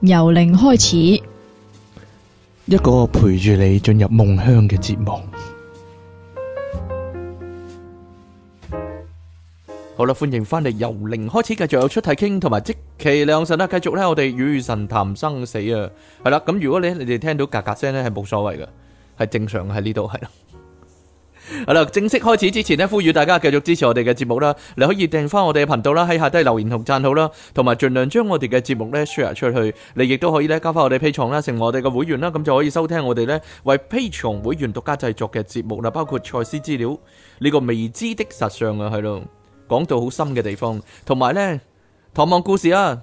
由零開始，一個陪住你進入夢鄉嘅節目。好啦，歡迎翻嚟由零開始，繼續有出題傾，同埋積其良神啊！繼續咧，我哋與神談生死啊！係啦，咁如果你你哋聽到格格聲咧，係冇所謂嘅，係正常嘅喺呢度係啦。好啦，正式開始之前咧，呼籲大家繼續支持我哋嘅節目啦。你可以訂翻我哋嘅頻道啦，喺下低留言同讚好啦，同埋盡量將我哋嘅節目咧 share 出去。你亦都可以咧交翻我哋 Patreon 啦，成為我哋嘅會員啦，咁就可以收聽我哋咧為 Patreon 會員獨家製作嘅節目啦，包括賽斯資料呢、這個未知的實相啊，係咯，講到好深嘅地方，同埋咧唐望故事啊。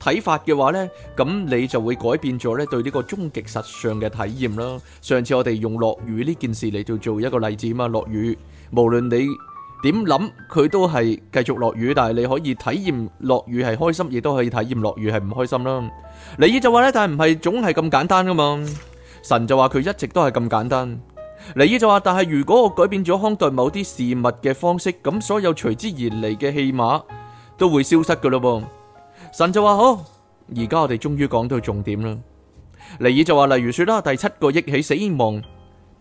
睇法嘅話呢，咁你就會改變咗咧對呢個終極實相嘅體驗啦。上次我哋用落雨呢件事嚟到做一個例子啊嘛，落雨無論你點諗，佢都係繼續落雨，但係你可以體驗落雨係開心，亦都可以體驗落雨係唔開心啦。尼爾就話呢，但係唔係總係咁簡單噶嘛。神就話佢一直都係咁簡單。尼爾就話，但係如果我改變咗看待某啲事物嘅方式，咁所有隨之而嚟嘅戲碼都會消失噶咯噃。神就話好，而、哦、家我哋終於講到重點啦。尼爾就話例如說啦，第七個億起死亡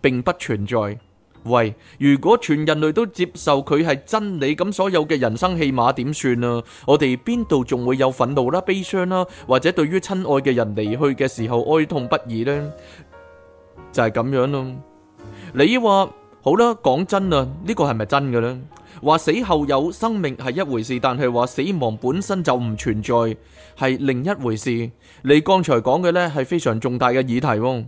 並不存在。喂，如果全人類都接受佢係真理，咁所有嘅人生戲碼點算啊？我哋邊度仲會有憤怒啦、悲傷啦，或者對於親愛嘅人離去嘅時候哀痛不已呢？就係、是、咁樣咯。尼爾話好啦，講真啊，呢、這個係咪真嘅呢？」話死後有生命係一回事，但係話死亡本身就唔存在係另一回事。你剛才講嘅呢，係非常重大嘅議題。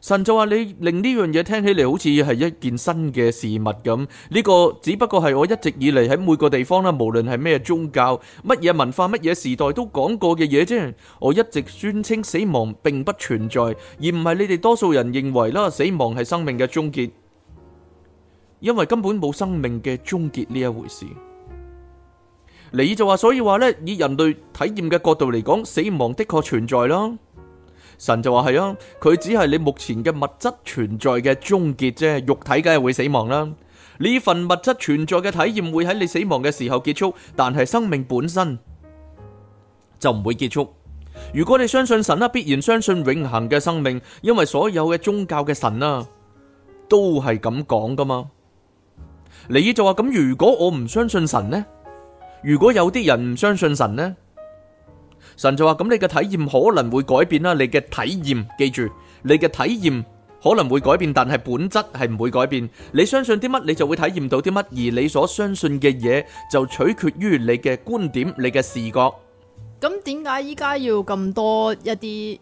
神就話，你令呢樣嘢聽起嚟好似係一件新嘅事物咁，呢個只不過係我一直以嚟喺每個地方啦，無論係咩宗教、乜嘢文化、乜嘢時代都講過嘅嘢啫。我一直宣稱死亡並不存在，而唔係你哋多數人認為啦，死亡係生命嘅終結。因為根本冇生命嘅終結呢一回事，你就話，所以話呢，以人類體驗嘅角度嚟講，死亡的確存在咯。神就話係啊，佢只係你目前嘅物質存在嘅終結啫，肉體梗係會死亡啦。呢份物質存在嘅體驗會喺你死亡嘅時候結束，但係生命本身就唔會結束。如果你相信神啊，必然相信永恒嘅生命，因為所有嘅宗教嘅神啊都係咁講噶嘛。你就話咁，如果我唔相信神呢？如果有啲人唔相信神呢？神就話咁，你嘅體驗可能會改變啦。你嘅體驗，記住，你嘅體驗可能會改變，但係本質係唔會改變。你相信啲乜，你就會體驗到啲乜。而你所相信嘅嘢，就取決於你嘅觀點、你嘅視覺。咁點解依家要咁多一啲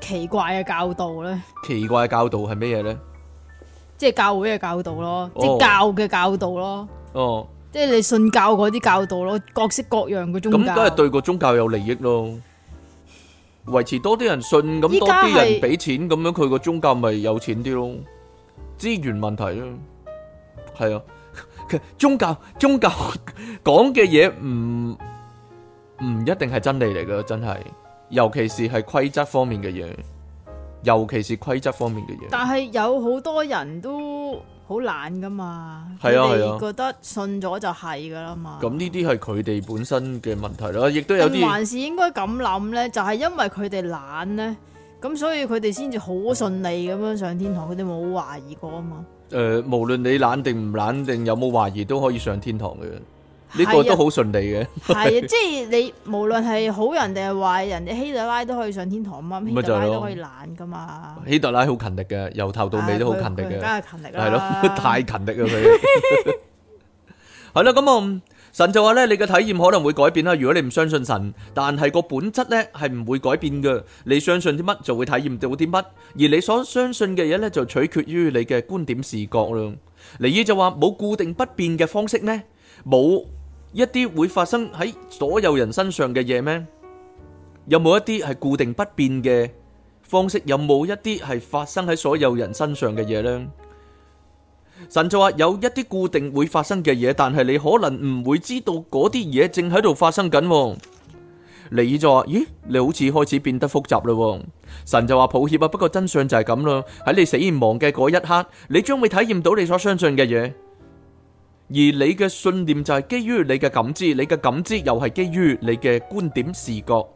奇怪嘅教導呢？奇怪嘅教導係咩嘢呢？即係教會嘅教導咯，即係教嘅教導咯。哦，即係你信教嗰啲教導咯，各式各樣嘅宗教。咁都係對個宗教有利益咯，維持多啲人信，咁多啲人俾錢，咁樣佢個宗教咪有錢啲咯？資源問題咯，係啊，其實宗教宗教講嘅嘢，唔唔一定係真理嚟噶，真係，尤其是係規則方面嘅嘢。尤其是規則方面嘅嘢，但係有好多人都好懶噶嘛，係啊，啊覺得信咗就係噶啦嘛。咁呢啲係佢哋本身嘅問題啦，亦都有啲。還是應該咁諗咧，就係、是、因為佢哋懶咧，咁所以佢哋先至好順利咁樣上天堂，佢哋冇懷疑過啊嘛。誒、呃，無論你懶定唔懶定，有冇懷疑都可以上天堂嘅。呢個都好順利嘅，係啊，即係你無論係好人定係壞人，希特拉都可以上天堂啊嘛，希特拉都可以懶噶嘛。希特拉好勤力嘅，由頭到尾都好勤力嘅，梗係勤力啦，係咯，太勤力啦佢。係啦，咁啊，神就話咧，你嘅體驗可能會改變啦，如果你唔相信神，但係個本質咧係唔會改變噶。你相信啲乜就會體驗到啲乜，而你所相信嘅嘢咧就取決於你嘅觀點視覺啦。尼爾就話冇固定不變嘅方式咧，冇。一啲會發生喺所有人身上嘅嘢咩？有冇一啲係固定不變嘅方式？有冇一啲係發生喺所有人身上嘅嘢呢？神就話有一啲固定會發生嘅嘢，但係你可能唔會知道嗰啲嘢正喺度發生緊。你就話，咦，你好似開始變得複雜啦。神就話抱歉啊，不過真相就係咁啦。喺你死亡嘅嗰一刻，你將會體驗到你所相信嘅嘢。而你嘅信念就係基於你嘅感知，你嘅感知又係基於你嘅觀點視覺。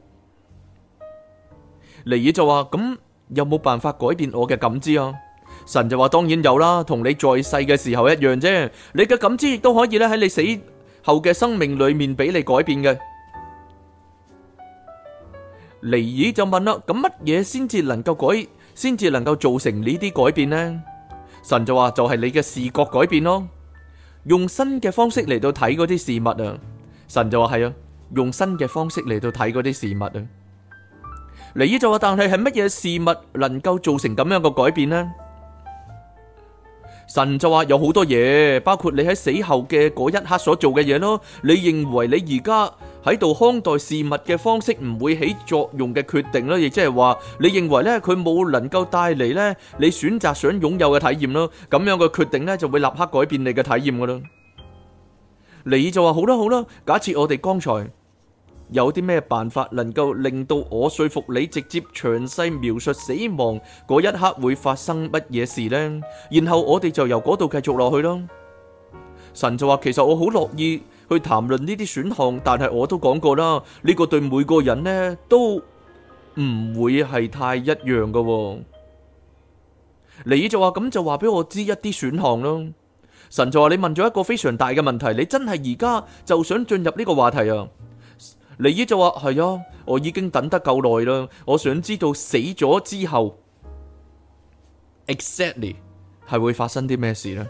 尼爾就話，咁有冇辦法改變我嘅感知啊？神就話當然有啦，同你在世嘅時候一樣啫。你嘅感知亦都可以咧，喺你死後嘅生命裏面俾你改變嘅。尼爾就問啦，咁乜嘢先至能夠改，先至能夠造成呢啲改變呢？神就話就係你嘅視覺改變咯。用新嘅方式嚟到睇嗰啲事物啊，神就話係啊，用新嘅方式嚟到睇嗰啲事物啊。尼依就話，但係係乜嘢事物能夠造成咁樣嘅改變呢？神就話有好多嘢，包括你喺死後嘅嗰一刻所做嘅嘢咯。你認為你而家？喺度看待事物嘅方式唔會起作用嘅決定咯，亦即係話你認為咧佢冇能夠帶嚟咧你選擇想擁有嘅體驗咯，咁樣嘅決定咧就會立刻改變你嘅體驗嘅啦。 你就話好啦好啦，假設我哋剛才有啲咩辦法能夠令到我說服你直接詳細描述死亡嗰一刻會發生乜嘢事咧，然後我哋就由嗰度繼續落去咯。神就話，其實我好樂意。去談論呢啲選項，但係我都講過啦，呢個對每個人呢都唔會係太一樣噶喎。尼爾就話咁就話俾我知一啲選項咯。神就話你問咗一個非常大嘅問題，你真係而家就想進入呢個話題啊？尼爾就話係啊，我已經等得夠耐啦，我想知道死咗之後，exactly 係會發生啲咩事呢？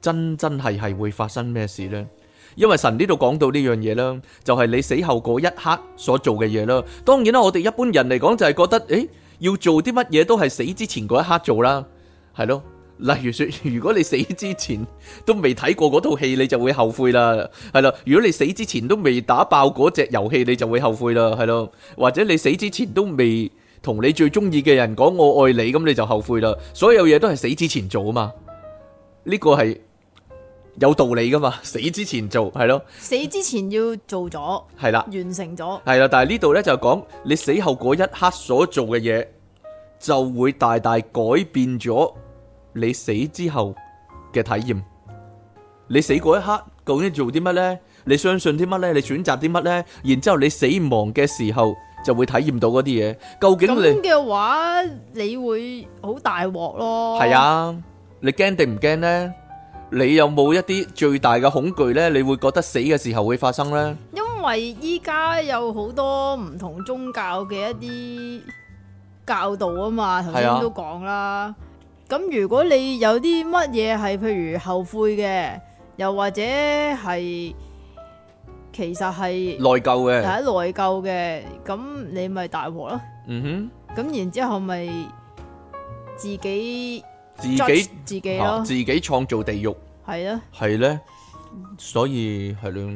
真真係係會發生咩事呢？」因為神呢度講到呢樣嘢啦，就係、是、你死後嗰一刻所做嘅嘢啦。當然啦，我哋一般人嚟講就係覺得，誒，要做啲乜嘢都係死之前嗰一刻做啦，係咯。例如說，如果你死之前都未睇過嗰套戲，你就會後悔啦。係啦，如果你死之前都未打爆嗰隻遊戲，你就會後悔啦。係咯，或者你死之前都未同你最鍾意嘅人講我愛你，咁你就後悔啦。所有嘢都係死之前做啊嘛，呢、這個係。有道理噶嘛？死之前做係咯，死之前要做咗，係啦，完成咗，係啦。但係呢度咧就講你死後嗰一刻所做嘅嘢，就會大大改變咗你死之後嘅體驗。你死嗰一刻究竟做啲乜咧？你相信啲乜咧？你選擇啲乜咧？然之後你死亡嘅時候就會體驗到嗰啲嘢。究竟你咁嘅話，你會好大鑊咯。係啊，你驚定唔驚咧？你有冇一啲最大嘅恐懼呢？你會覺得死嘅時候會發生呢？因為依家有好多唔同宗教嘅一啲教導啊嘛，頭先都講啦。咁如果你有啲乜嘢係，譬如後悔嘅，又或者係其實係內疚嘅，係內疚嘅，咁你咪大鑊咯。嗯哼，咁然之後咪自己自己自己咯，自己創造地獄。係啊，係咧，所以係咯，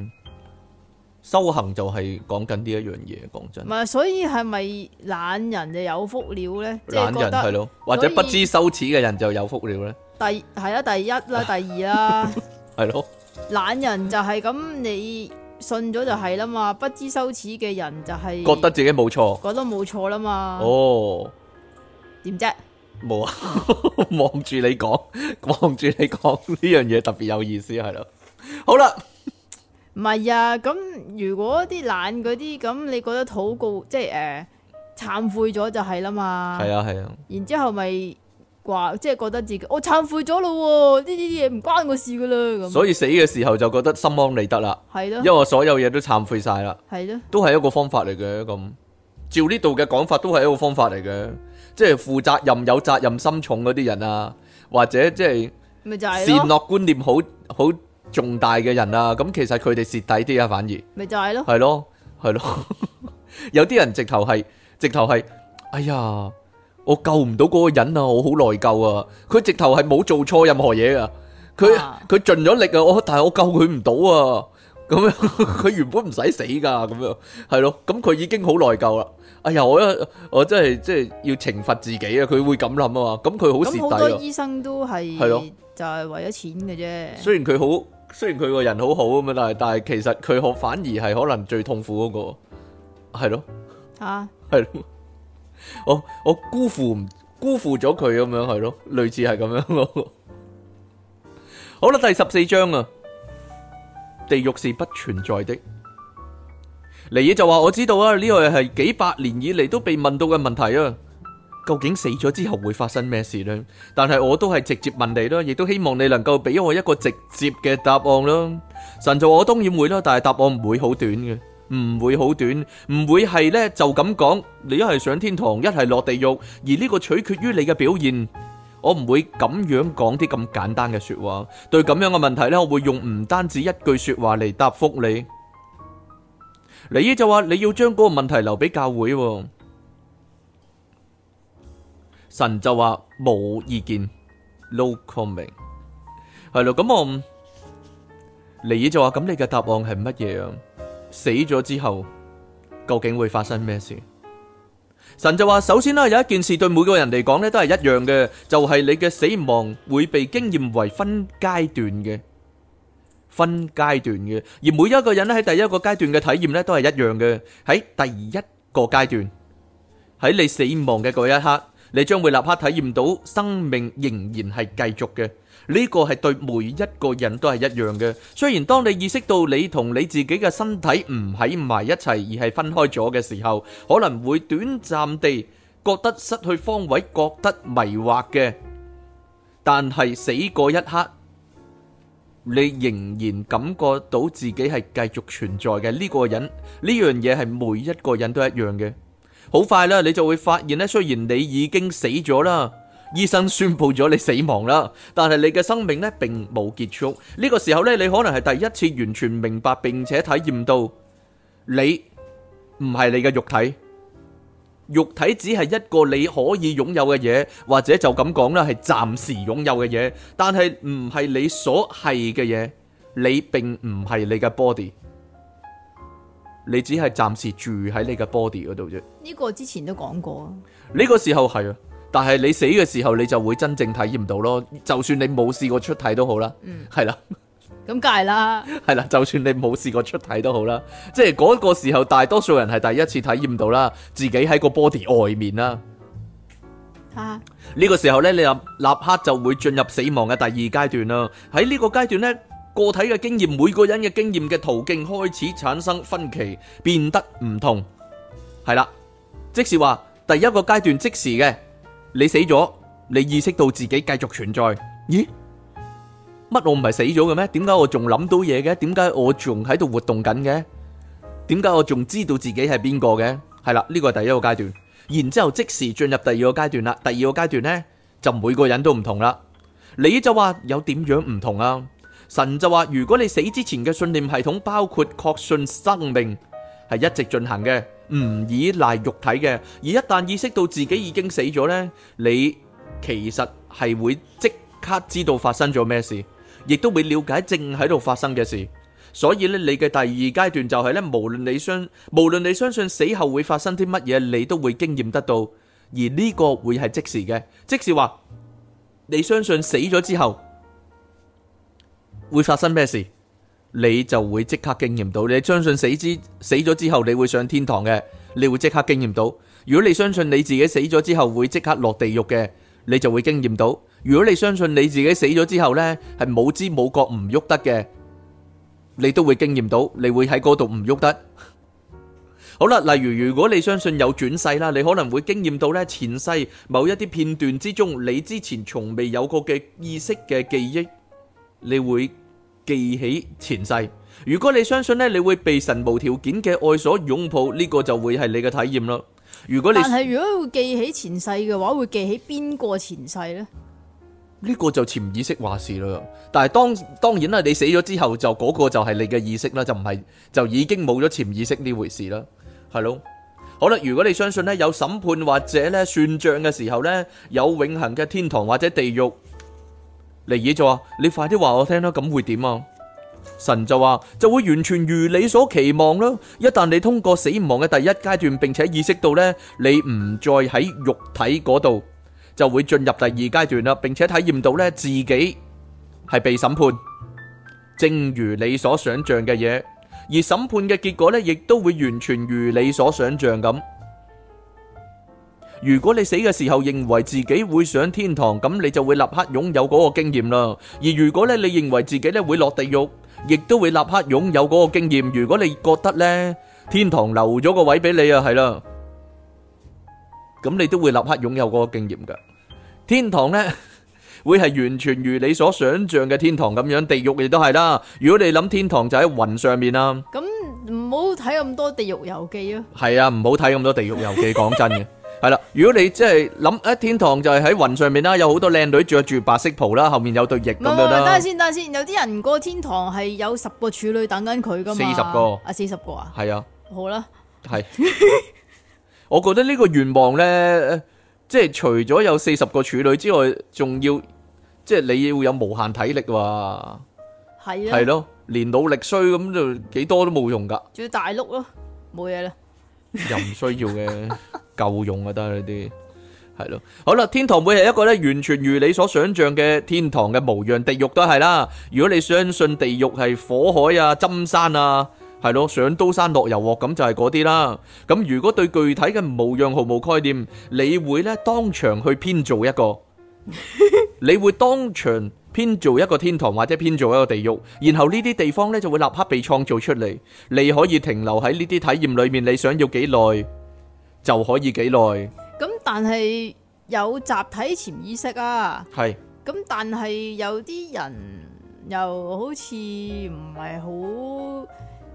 修行就係講緊呢一樣嘢，講真。唔係，所以係咪懶人就有福料咧？懶人係咯，或者不知羞恥嘅人就有福料咧。第係啊，第一啦，第二啦，係咯 的。懶人就係咁，你信咗就係啦嘛。不知羞恥嘅人就係覺得自己冇錯，覺得冇錯啦嘛。哦，點啫？冇啊，望住你講，望住你講呢樣嘢特別有意思係咯。好啦，唔係啊，咁如果啲懶嗰啲，咁你覺得禱告即係誒懺悔咗就係啦嘛。係啊係啊。啊然之後咪話即係覺得自己我懺、哦、悔咗咯，啊，呢啲嘢唔關我事噶啦。咁所以死嘅時候就覺得心安理得啦。係咯，啊，因為我所有嘢都懺悔晒啦。係咯，啊，都係一個方法嚟嘅，咁照呢度嘅講法都係一個方法嚟嘅。即係負責任，有責任心重嗰啲人啊，或者即係善惡觀念好好重大嘅人啊，咁其實佢哋蝕底啲啊，反而咪就係咯。係咯，係咯，有啲人直頭係，直頭係，哎呀，我救唔到嗰個人啊，我好內疚啊，佢直頭係冇做錯任何嘢啊，佢佢盡咗力啊，我但係我救佢唔到啊，咁樣佢原本唔使死噶，咁樣係咯，咁佢已經好內疚啦。哎呀，我一我真係即係要懲罰自己啊！佢會咁諗啊嘛，咁佢好蝕底咯。咁好多醫生都係係咯，的就係為咗錢嘅啫。雖然佢好，雖然佢個人好好咁啊嘛，但係但係其實佢可反而係可能最痛苦嗰個，係咯啊，係咯，我我辜負辜負咗佢咁樣，係咯，類似係咁樣咯。 好啦，第十四章啊，地獄是不存在的。尼爾就話我知道啊，呢個係幾百年以嚟都被問到嘅問題啊，究竟死咗之後會發生咩事呢？但係我都係直接問你咯，亦都希望你能夠俾我一個直接嘅答案咯。神就我當然會啦，但係答案唔會好短嘅，唔會好短，唔會係呢。就咁講，你一係上天堂，一係落地獄，而呢個取決於你嘅表現。我唔會咁樣講啲咁簡單嘅說話，對咁樣嘅問題呢，我會用唔單止一句說話嚟答復你。尼爾就話你要將嗰個問題留俾教會、哦，神就話冇意見。no comment 係咯，咁我尼爾就話咁你嘅答案係乜嘢啊？死咗之後究竟會發生咩事？神就話首先啦，有一件事對每個人嚟講咧都係一樣嘅，就係、是、你嘅死亡會被經驗為分階段嘅。分階段嘅，而每一個人咧喺第一個階段嘅體驗咧都係一樣嘅。喺第一個階段，喺你死亡嘅嗰一刻，你將會立刻體驗到生命仍然係繼續嘅。呢個係對每一個人都係一樣嘅。雖然當你意識到你同你自己嘅身體唔喺埋一齊，而係分開咗嘅時候，可能會短暫地覺得失去方位，覺得迷惑嘅。但係死嗰一刻。你仍然感覺到自己係繼續存在嘅呢個人，呢樣嘢係每一個人都一樣嘅。好快啦，你就會發現咧，雖然你已經死咗啦，醫生宣佈咗你死亡啦，但係你嘅生命咧並冇結束。呢個時候咧，你可能係第一次完全明白，並且體驗到你唔係你嘅肉體。肉體只係一個你可以擁有嘅嘢，或者就咁講啦，係暫時擁有嘅嘢，但係唔係你所係嘅嘢，你並唔係你嘅 body，你只係暫時住喺你嘅 body 嗰度啫。呢個之前都講過啊，呢個時候係啊，但係你死嘅時候，你就會真正體驗到咯。就算你冇試過出體都好啦，嗯，係啦。咁梗係啦，係啦， 就算你冇試過出體都好啦，即係嗰個時候，大多數人係第一次體驗到啦，自己喺個 body 外面啦。啊！呢個時候呢，你又立刻就會進入死亡嘅第二階段啦。喺呢個階段呢，個體嘅經驗，每個人嘅經驗嘅途徑開始產生分歧，變得唔同。係啦，即時話第一個階段即時嘅，你死咗，你意識到自己繼續存在，咦？乜我唔係死咗嘅咩？點解我仲諗到嘢嘅？點解我仲喺度活動緊嘅？點解我仲知道自己係邊、這個嘅邊個嘅？係啦，呢個係第一個階段。然之後即時進入第二個階段啦。第二個階段呢，就每個人都唔同啦。你就話有點樣唔同啊？神就話如果你死之前嘅信念系統包括確信生命係一直進行嘅，唔依賴肉體嘅，而一旦意識到自己已經死咗呢，你其實係會即刻知道發生咗咩事。亦都會了解正喺度發生嘅事，所以咧，你嘅第二階段就係咧，無論你相無論你相信死後會發生啲乜嘢，你都會經驗得到，而呢個會係即時嘅，即時話你相信死咗之後會發生咩事，你就會即刻經驗到。你相信死之死咗之後你會上天堂嘅，你會即刻經驗到。如果你相信你自己死咗之後會即刻落地獄嘅，你就會經驗到。如果你相信你自己死咗之後呢，係冇知冇覺唔喐得嘅，你都會經驗到，你會喺嗰度唔喐得。 好啦，例如如果你相信有轉世啦，你可能會經驗到呢，前世某一啲片段之中，你之前從未有過嘅意識嘅記憶，你會記起前世。如果你相信呢，你會被神無條件嘅愛所擁抱，呢個就會係你嘅體驗咯。如果你但係如果會記起前世嘅話，會記起邊個前世呢？呢個就潛意識話事啦，但係當當然啦，你死咗之後就嗰個就係你嘅意識啦，就唔係就已經冇咗潛意識呢回事啦，係咯。好啦，如果你相信呢，有審判或者咧算賬嘅時候呢，有永恒嘅天堂或者地獄，尼爾就話，你快啲話我聽啦，咁會點啊？神就話，就會完全如你所期望啦。一旦你通過死亡嘅第一階段，並且意識到呢，你唔再喺肉體嗰度。就會進入第二階段啦，並且體驗到咧自己係被審判，正如你所想象嘅嘢，而審判嘅結果咧，亦都會完全如你所想象咁。如果你死嘅時候認為自己會上天堂，咁你就會立刻擁有嗰個經驗啦。而如果咧你認為自己咧會落地獄，亦都會立刻擁有嗰個經驗。如果你覺得呢天堂留咗個位俾你啊，係啦。咁你都會立刻擁有嗰個經驗噶。天堂呢，會係完全如你所想象嘅天堂咁樣，地獄亦都係啦。如果你諗天堂就喺雲上面啦，咁唔好睇咁多《地獄遊記》 啊。係啊，唔好睇咁多《地獄遊記》。講真嘅，係啦。如果你即係諗誒天堂就係喺雲上面啦，有好多靚女着住白色袍啦，後面有對翼咁樣。等下先，等下先。有啲人過天堂係有十個處女等緊佢噶嘛？四十個啊，四十個啊，係啊吧。好啦，係。我覺得呢個願望咧，即係除咗有四十個處女之外，仲要即係你要有無限體力哇，係咯，係咯，連努力衰咁就幾多都冇用噶，仲要大碌咯，冇嘢啦。又唔需要嘅，夠用就得呢啲，係咯，好啦，天堂會係一個咧完全如你所想象嘅天堂嘅模樣，地獄都係啦。如果你相信地獄係火海啊、針山啊。係咯，上刀山落油鑊咁就係嗰啲啦。咁如果對具體嘅模樣毫無概念，你會咧當場去編造一個？你會當場編造一個天堂或者編造一個地獄？然後呢啲地方咧就會立刻被創造出嚟。你可以停留喺呢啲體驗裏面，你想要幾耐就可以幾耐。咁但係有集體潛意識啊。係。咁但係有啲人又好似唔係好。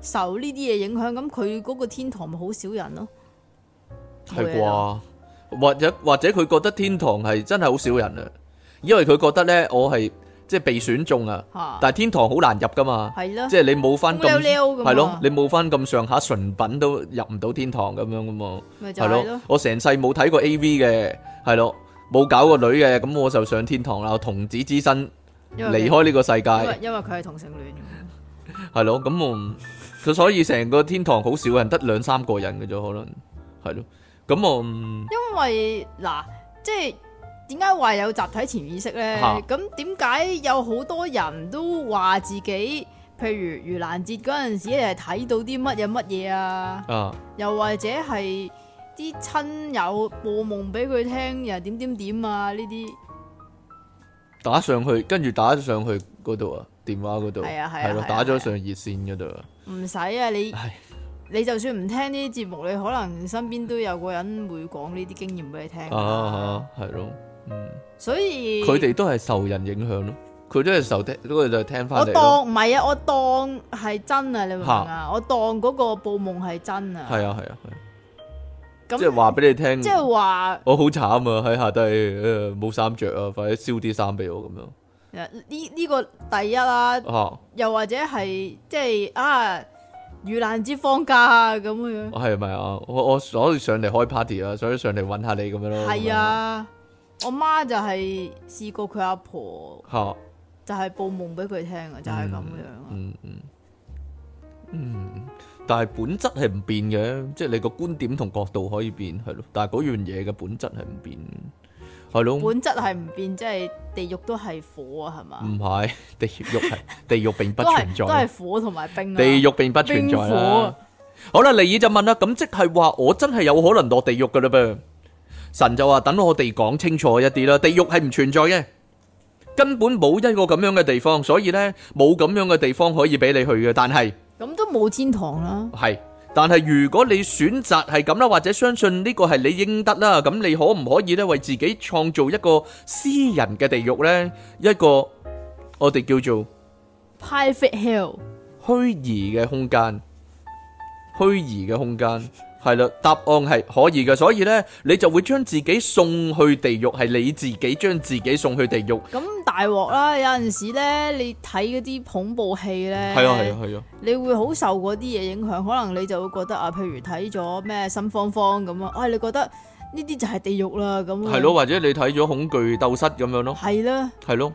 受呢啲嘢影響，咁佢嗰個天堂咪好少人咯？係啩？或者或者佢覺得天堂係真係好少人啊？因為佢覺得咧，我係即係被選中啊，但係天堂好難入噶嘛，係咯？即係你冇翻咁係咯？你冇翻咁上下純品都入唔到天堂咁樣噶嘛？咪就係咯。我成世冇睇過 AV 嘅，係咯，冇搞過女嘅，咁我就上天堂啦，童子之身，離開呢個世界。因為佢係同性戀，係咯？咁我。佢所以成個天堂好少人，得兩三個人嘅啫，可能係咯。咁、嗯、我因為嗱，即係點解話有集體潛意識咧？咁點解有好多人都話自己，譬如盂蘭節嗰陣時係睇到啲乜嘢乜嘢啊？啊又或者係啲親友報夢俾佢聽，又點點點啊？呢啲打上去，跟住打上去嗰度啊，電話嗰度係啊係啊，係咯，打咗上熱線嗰度啊。唔使啊！你你就算唔聽呢啲節目，你可能身邊都有個人會講呢啲經驗俾你聽啊，啊，啊！係咯，嗯，所以佢哋都係受人影響咯，佢都係受聽嗰個就聽翻。我當唔係啊，我當係真啊，你明啊？我當嗰個報夢係真啊！係啊係啊係！咁即係話俾你聽，即係話我好慘啊！喺下低冇衫着啊，快啲燒啲衫俾我咁樣。呢呢、這個第一啦，啊、又或者係即係啊遇難之放假，啊咁樣，係咪啊？我我所以上嚟開 party 啊，所以上嚟揾下你咁樣咯。係啊，我媽就係試過佢阿婆吓，就係報夢俾佢聽啊，就係咁樣、嗯。嗯嗯嗯，但係本質係唔變嘅，即係你個觀點同角度可以變係咯，但係嗰樣嘢嘅本質係唔變。本質係唔變，即係地獄都係火啊，係嘛？唔係地獄係地獄並不存在，都係火同埋冰。地獄並不存在啦。好啦，尼爾就問啦，咁即係話我真係有可能落地獄噶啦噃？神就話，等我哋講清楚一啲啦，地獄係唔存在嘅，根本冇一個咁樣嘅地方，所以呢冇咁樣嘅地方可以俾你去嘅，但係咁都冇天堂啦。係。但係如果你選擇係咁啦，或者相信呢個係你應得啦，咁你可唔可以咧為自己創造一個私人嘅地獄呢？一個我哋叫做 private hell 虛擬嘅空間，虛擬嘅空間。係啦，答案係可以嘅，所以咧，你就會將自己送去地獄，係你自己將自己送去地獄。咁大鑊啦！有陣時咧，你睇嗰啲恐怖戲咧，係啊係啊係啊，啊啊你會好受嗰啲嘢影響，可能你就會覺得啊，譬如睇咗咩《心慌慌》咁啊，唉，你覺得呢啲就係地獄啦咁。係咯，或者你睇咗恐懼鬥室咁樣咯。係啦，係咯，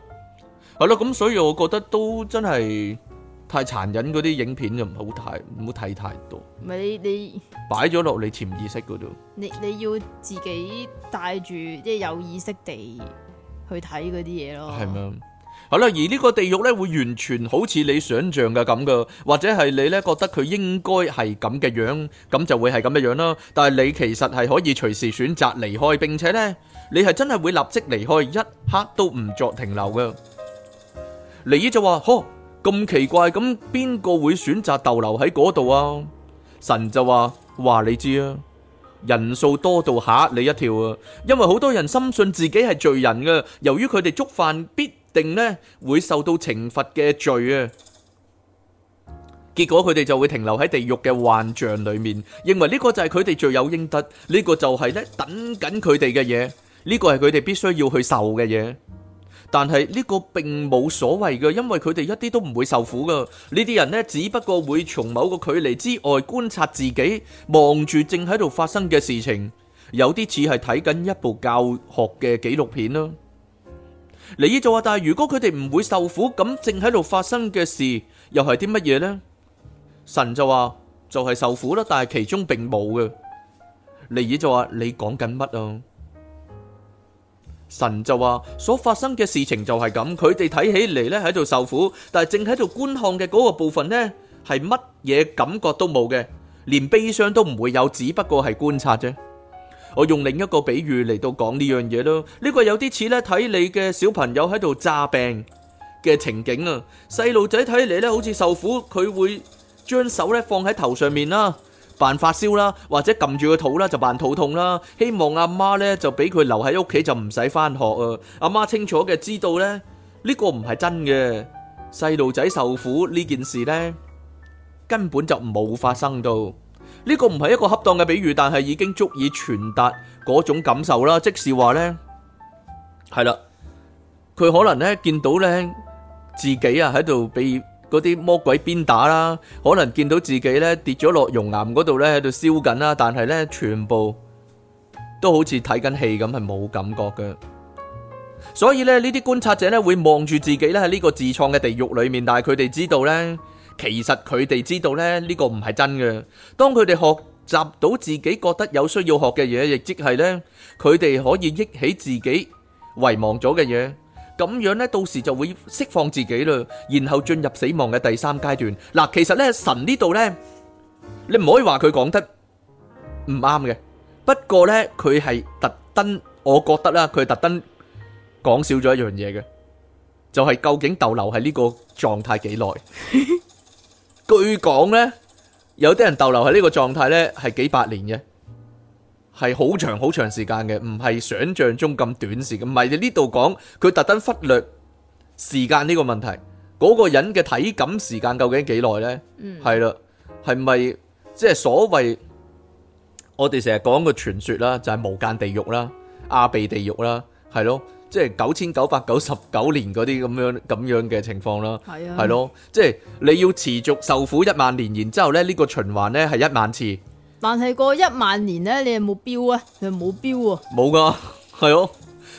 係咯，咁所以我覺得都真係。太殘忍嗰啲影片就唔好睇，唔好睇太多，唔係你你，擺咗落你潛意識嗰度。你，你要自己帶住即係有意識地去睇嗰啲嘢咯。係咩？好啦，而呢個地獄咧，會完全好似你想象嘅咁嘅，或者係你咧，覺得佢應該係咁嘅樣，咁就會係咁嘅樣啦。但係你其實係可以隨時選擇離開，並且咧，你係真係會立即離開，一刻都唔作停留嘅。尼爾就話：呵。咁奇怪，咁邊個會選擇逗留喺嗰度啊？神就話：話你知啊，人數多到嚇你一跳啊！因為好多人深信自己係罪人嘅，由於佢哋觸犯必定呢會受到懲罰嘅罪啊，結果佢哋就會停留喺地獄嘅幻象裏面，認為呢個就係佢哋罪有應得，呢個就係咧等緊佢哋嘅嘢，呢個係佢哋必須要去受嘅嘢。但係呢個並冇所謂嘅，因為佢哋一啲都唔會受苦㗎。呢啲人呢，只不過會從某個距離之外觀察自己，望住正喺度發生嘅事情，有啲似係睇緊一部教學嘅紀錄片囉。尼爾就話：但係如果佢哋唔會受苦，咁正喺度發生嘅事又係啲乜嘢呢？神就話：就係受苦啦，但係其中並冇嘅。尼爾就話：你講緊乜啊？神就話，所發生嘅事情就係咁，佢哋睇起嚟咧喺度受苦，但係正喺度觀看嘅嗰個部分呢，係乜嘢感覺都冇嘅，連悲傷都唔會有，只不過係觀察啫。我用另一個比喻嚟到講呢樣嘢咯，呢個有啲似咧睇你嘅小朋友喺度詐病嘅情景啊，細路仔睇嚟咧好似受苦，佢會將手咧放喺頭上面啦。扮發燒啦，或者撳住個肚啦，就扮肚痛啦。希望阿媽呢，就俾佢留喺屋企，就唔使翻學啊！阿媽清楚嘅，知道呢，呢個唔係真嘅，細路仔受苦呢件事呢，根本就冇發生到。呢個唔係一個恰當嘅比喻，但係已經足以傳達嗰種感受啦。即是話呢，係啦，佢可能呢見到呢，自己啊喺度被。嗰啲魔鬼鞭打啦，可能見到自己呢跌咗落熔岩嗰度呢，喺度燒緊啦，但係呢，全部都好似睇緊戲咁，係冇感覺嘅。所以呢呢啲觀察者呢，會望住自己呢喺呢個自創嘅地獄裏面，但係佢哋知道呢，其實佢哋知道呢，呢個唔係真嘅。當佢哋學習到自己覺得有需要學嘅嘢，亦即係呢，佢哋可以憶起自己遺忘咗嘅嘢。咁樣咧，到時就會釋放自己啦，然後進入死亡嘅第三階段。嗱，其實咧，神呢度咧，你唔可以話佢講得唔啱嘅，不過咧佢係特登，我覺得啦，佢係特登講少咗一樣嘢嘅，就係究竟逗留喺呢個狀態幾耐？據講咧，有啲人逗留喺呢個狀態咧，係幾百年嘅。係好長好長時間嘅，唔係想象中咁短時間，唔係你呢度講佢特登忽略時間呢個問題，嗰、嗰個人嘅體感時間究竟幾耐咧？係啦、嗯，係咪即係所謂我哋成日講嘅傳說啦，就係、係、無間地獄啦、阿鼻地獄啦，係咯，即係九千九百九十九年嗰啲咁樣咁樣嘅情況啦，係咯，即、就、係、係、你要持續受苦一萬年，然之後咧呢個循環咧係一萬次。但係過一萬年呢，你又冇標啊？你冇標啊？冇噶，係囉，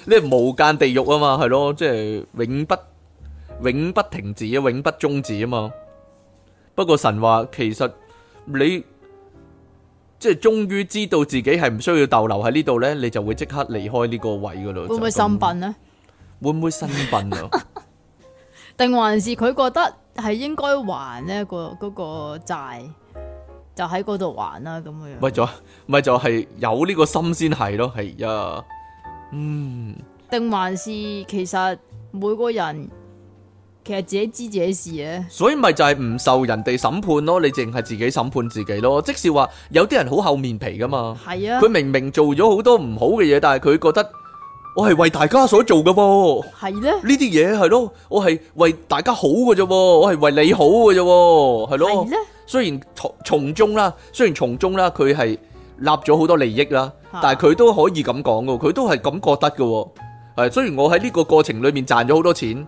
你係無間地獄啊嘛，係囉，即係永不永不停止啊，永不終止啊嘛。不過神話其實你即係終於知道自己係唔需要逗留喺呢度呢，你就會即刻離開呢個位㗎喇。會唔會心笨呢？會唔會心笨啊？定還是佢覺得係應該還呢個嗰個債？就喺嗰度玩啦，咁樣。咪就咪就係有呢個心先係咯，係呀。嗯，定還是其實每個人其實自己知自己事嘅。所以咪就係唔受人哋審判咯，你淨係自己審判自己咯。即是話有啲人好厚面皮噶嘛。係啊。佢明明做咗好多唔好嘅嘢，但係佢覺得我係為大家所做噶喎。係咧。呢啲嘢係咯，我係為大家好噶啫，我係為你好噶啫，係咯。雖然從從中啦，雖然從中啦，佢係立咗好多利益啦，啊、但係佢都可以咁講嘅，佢都係咁覺得嘅。係雖然我喺呢個過程裏面賺咗好多錢，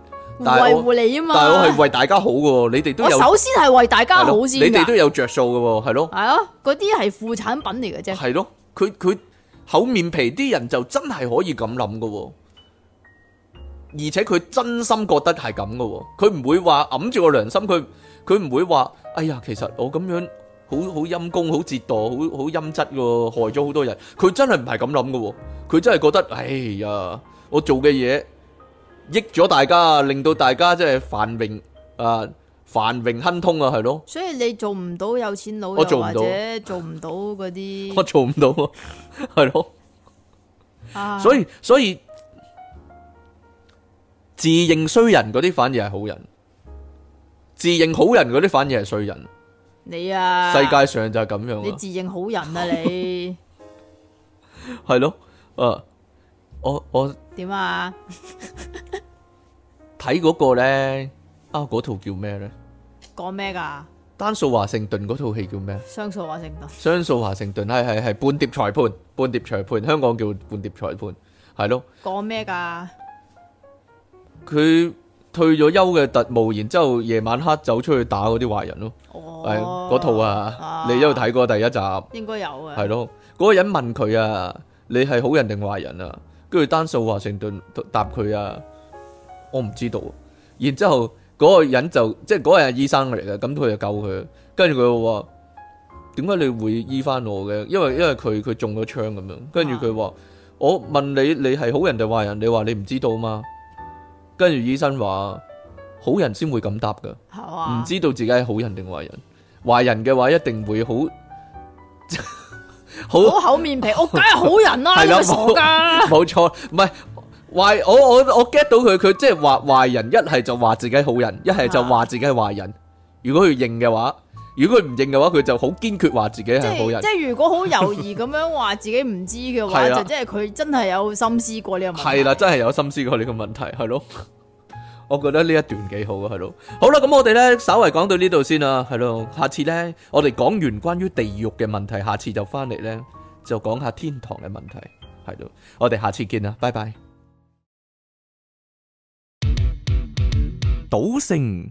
為你吖嘛，但係我係為大家好嘅，你哋都有。我首先係為大家好先。你哋都有着數嘅，係咯。係咯，嗰啲係副產品嚟嘅啫。係咯，佢佢厚面皮啲人就真係可以咁諗嘅，而且佢真心覺得係咁嘅，佢唔會話揞住個良心佢。佢唔會話，哎呀，其實我咁樣好好陰功，好折墮，好好陰質噶，害咗好多人。佢真係唔係咁諗噶，佢真係覺得，哎呀，我做嘅嘢益咗大家，令到大家即係繁榮啊，繁榮亨通啊，係咯。所以你做唔到有錢佬，我做唔到，或者做唔到嗰啲，我做唔到咯，係咯。所以所以自認衰人嗰啲反而係好人。自認好人嗰啲，反而係衰人。你啊！世界上就係咁樣。你自認好人啊你？係咯，誒，我我點樣啊？睇 嗰個咧，啊，嗰套叫咩咧？講咩噶？單數華盛頓嗰套戲叫咩？雙數華盛頓。雙數華盛頓係係係半碟裁判，半碟裁判，香港叫半碟裁判，係咯。講咩噶？佢。 退咗休嘅特務，然之後夜晚黑走出去打嗰啲壞人咯。係嗰套啊，啊你有睇過第一集？應該有啊。係咯，嗰個人問佢啊，你係好人定壞人啊？跟住丹素華盛頓答佢啊，我唔知道。然之後嗰個人就即係嗰個係醫生嚟嘅，咁佢就救佢。跟住佢話，點解你會醫翻我嘅？因為的因為佢佢中咗槍咁樣。跟住佢話，啊、我問你，你係好人定壞人？你話你唔知道嘛？跟住醫生話：好人先會咁答噶，唔吧知道自己係好人定壞人。壞人嘅話一定會 好好厚面皮， 我梗係好人啦，啊，係咪的傻噶？冇錯，唔係壞，我我我，我 get 到佢，佢即係話壞人一係就話自己係好人，一係的就話自己係壞人。如果佢認嘅話。如果佢唔認嘅話，佢就好堅決話自己係好人。即係如果好猶豫咁樣話自己唔知嘅話， 了就即係佢真係有心思過呢個問題。係啦，真係有心思過呢個問題，係咯。 我覺得呢一段幾好啊，係咯。好啦，咁我哋咧，稍微講到呢度先啦，係咯。下次咧，我哋講完關於地獄嘅問題，下次就翻嚟咧，就講下天堂嘅問題，係咯。我哋下次見啦，拜拜。賭聖。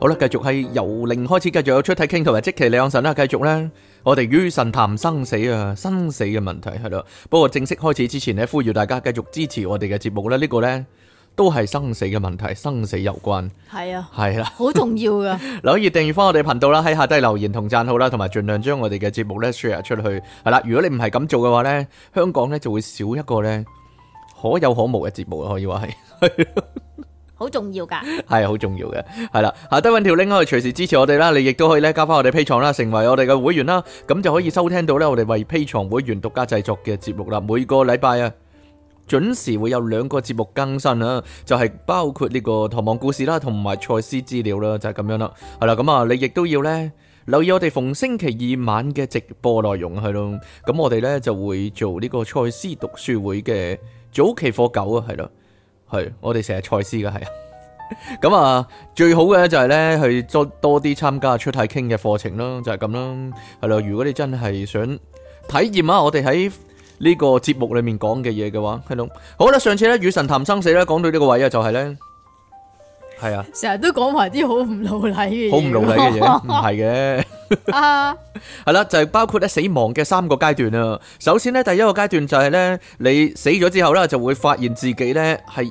好啦，繼續係由零開始，繼續有出體傾偈，即係李昂神啦，繼續呢，我哋與神談生死啊，生死嘅問題係咯。不過正式開始之前呢，呼籲大家繼續支持我哋嘅節目呢。呢、這個呢，都係生死嘅問題，生死有關，係啊，係啦的，好重要噶。 留意訂閱翻我哋頻道啦，喺下低留言同讚好啦，同埋盡量將我哋嘅節目呢 share 出去，係啦。如果你唔係咁做嘅話呢，香港呢就會少一個呢，可有可無嘅節目可以話係。 好重要噶，係好 重要嘅，係啦。下低揾條 link 可以隨時支持我哋啦，你亦都可以咧加翻我哋 P 床啦，成為我哋嘅會員啦，咁就可以收聽到咧我哋為 P 床會員獨家製作嘅節目啦。每個禮拜啊，準時會有兩個節目更新啦，就係、是、包括呢個唐王故事啦，同埋蔡司資料啦，就係、是、咁樣啦。係啦，咁啊，你亦都要咧留意我哋逢星期二晚嘅直播內容係咯，咁我哋咧就會做呢個蔡司讀書會嘅早期課九啊，係咯。係，我哋成日賽斯嘅係啊，咁啊、 嗯、最好嘅就係咧去多啲參加出體傾嘅課程咯，就係咁咯。係咯，如果你真係想體驗下我哋喺呢個節目裏面講嘅嘢嘅話，係咯，好啦，上次咧與神談生死咧講到呢個位啊、就是，就係咧。係啊，成日都講埋啲好唔老禮嘅嘢，好唔老禮嘅嘢唔係嘅啊，係啦，就係包括咧死亡嘅三個階段啊。首先咧，第一個階段就係咧，你死咗之後咧，就會發現自己咧係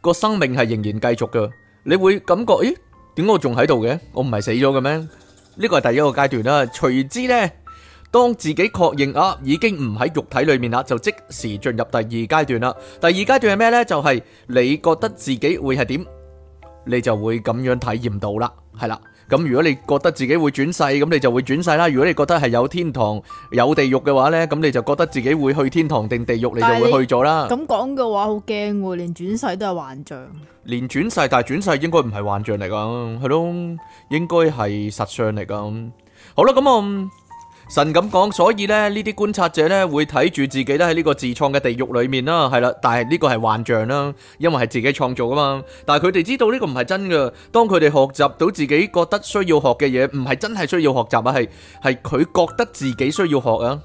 個生命係仍然繼續噶。你會感覺咦？點解我仲喺度嘅？我唔係死咗嘅咩？呢個係第一個階段啦。隨之咧，當自己確認啊已經唔喺肉體裏面啦，就即時進入第二階段啦。第二階段係咩咧？就係你覺得自己會係點？你就會咁樣體驗到啦，係啦。咁如果你覺得自己會轉世，咁你就會轉世啦。如果你覺得係有天堂、有地獄嘅話呢，咁你就覺得自己會去天堂定地獄，是你，你就會去咗啦。咁講嘅話好驚，連轉世都係幻象。連轉世，但係轉世應該唔係幻象嚟噶。係咯，應該係實相嚟噶。好啦，咁我。神咁講，所以咧呢啲觀察者咧會睇住自己都喺呢個自創嘅地獄裏面啦，係啦，但係呢個係幻象啦，因為係自己創造噶嘛。但係佢哋知道呢個唔係真噶。當佢哋學習到自己覺得需要學嘅嘢，唔係真係需要學習啊，係係佢覺得自己需要學啊，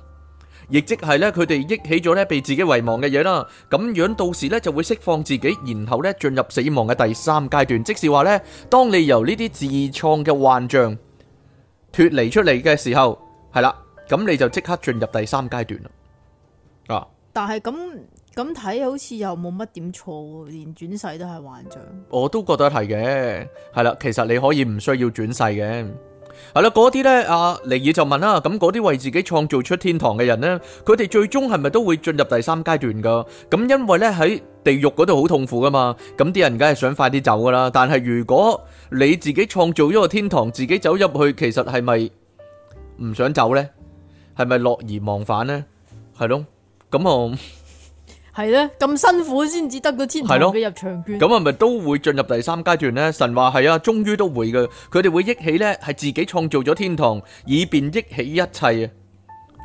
亦即係咧佢哋憶起咗咧被自己遺忘嘅嘢啦。咁樣到時咧就會釋放自己，然後咧進入死亡嘅第三階段，即是話咧，當你由呢啲自創嘅幻象脫離出嚟嘅時候。係啦，咁你就即刻進入第三階段啦。啊，但係咁咁睇，好似又冇乜點錯喎，連轉世都係幻象。我都覺得係嘅，係啦。其實你可以唔需要轉世嘅。係啦，嗰啲呢，阿、啊、尼爾就問啦，咁嗰啲為自己創造出天堂嘅人呢，佢哋最終係咪都會進入第三階段噶？咁因為呢，喺地獄嗰度好痛苦噶嘛，咁啲人梗係想快啲走噶啦。但係如果你自己創造咗個天堂，自己走入去，其實係咪？唔想走咧，係咪樂而忘返咧？係咯，咁啊，係咧，咁辛苦先至得到天堂嘅入場券。咁，係咪都會進入第三階段咧？神話係啊，終於都會嘅，佢哋會憶起咧，係自己創造咗天堂，以便憶起一切啊。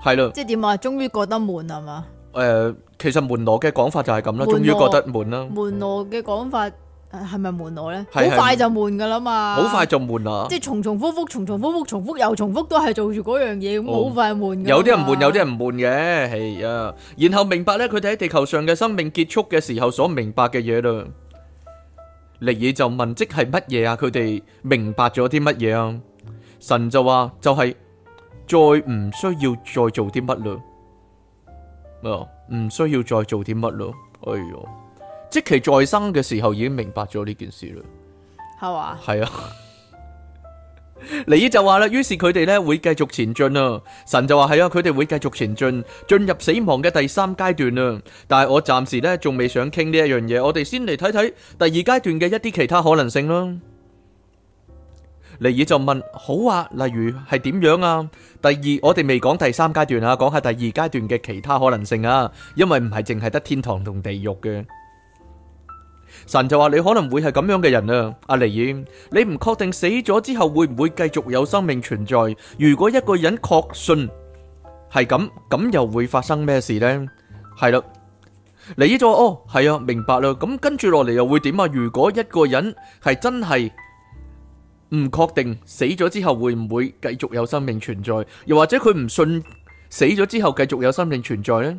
係咯，即係點啊？終於覺得悶係嘛？誒，其實門羅嘅講法就係咁啦，終於覺得悶啦。門羅嘅講法。誒，係咪悶我呢？好快就悶噶啦嘛！好快就悶啦！即係重重複複、重重複複、重複又重複，都係做住嗰樣嘢，咁好快悶嘅。有啲人悶，有啲人唔悶嘅，係啊。然後明白呢，佢哋喺地球上嘅生命結束嘅時候所明白嘅嘢啦。尼爾就問：即係乜嘢啊？佢哋明白咗啲乜嘢啊？神就話：就係再唔需要再做啲乜咯。啊，唔需要再做啲乜咯。哎喲！即其再生嘅時候已經明白咗呢件事啦，係嘛？係啊，尼爾是、啊、 就話啦，於是佢哋呢會繼續前進啊。神就話係啊，佢哋會繼續前進，進入死亡嘅第三階段啊。但係我暫時呢仲未想傾呢一樣嘢，我哋先嚟睇睇第二階段嘅一啲其他可能性啦。尼爾 就問：好啊，例如係點樣啊？第二，我哋未講第三階段啊，講下第二階段嘅其他可能性啊，因為唔係淨係得天堂同地獄嘅。神就話你可能會係咁樣嘅人啊，阿尼爾，你唔確定死咗之後會唔會繼續有生命存在？如果一個人確信係咁，咁又會發生咩事呢？係啦，尼爾就話哦，係啊，明白啦。咁跟住落嚟又會點啊？如果一個人係真係唔確定死咗之後會唔會繼續有生命存在，又或者佢唔信死咗之後繼續有生命存在呢？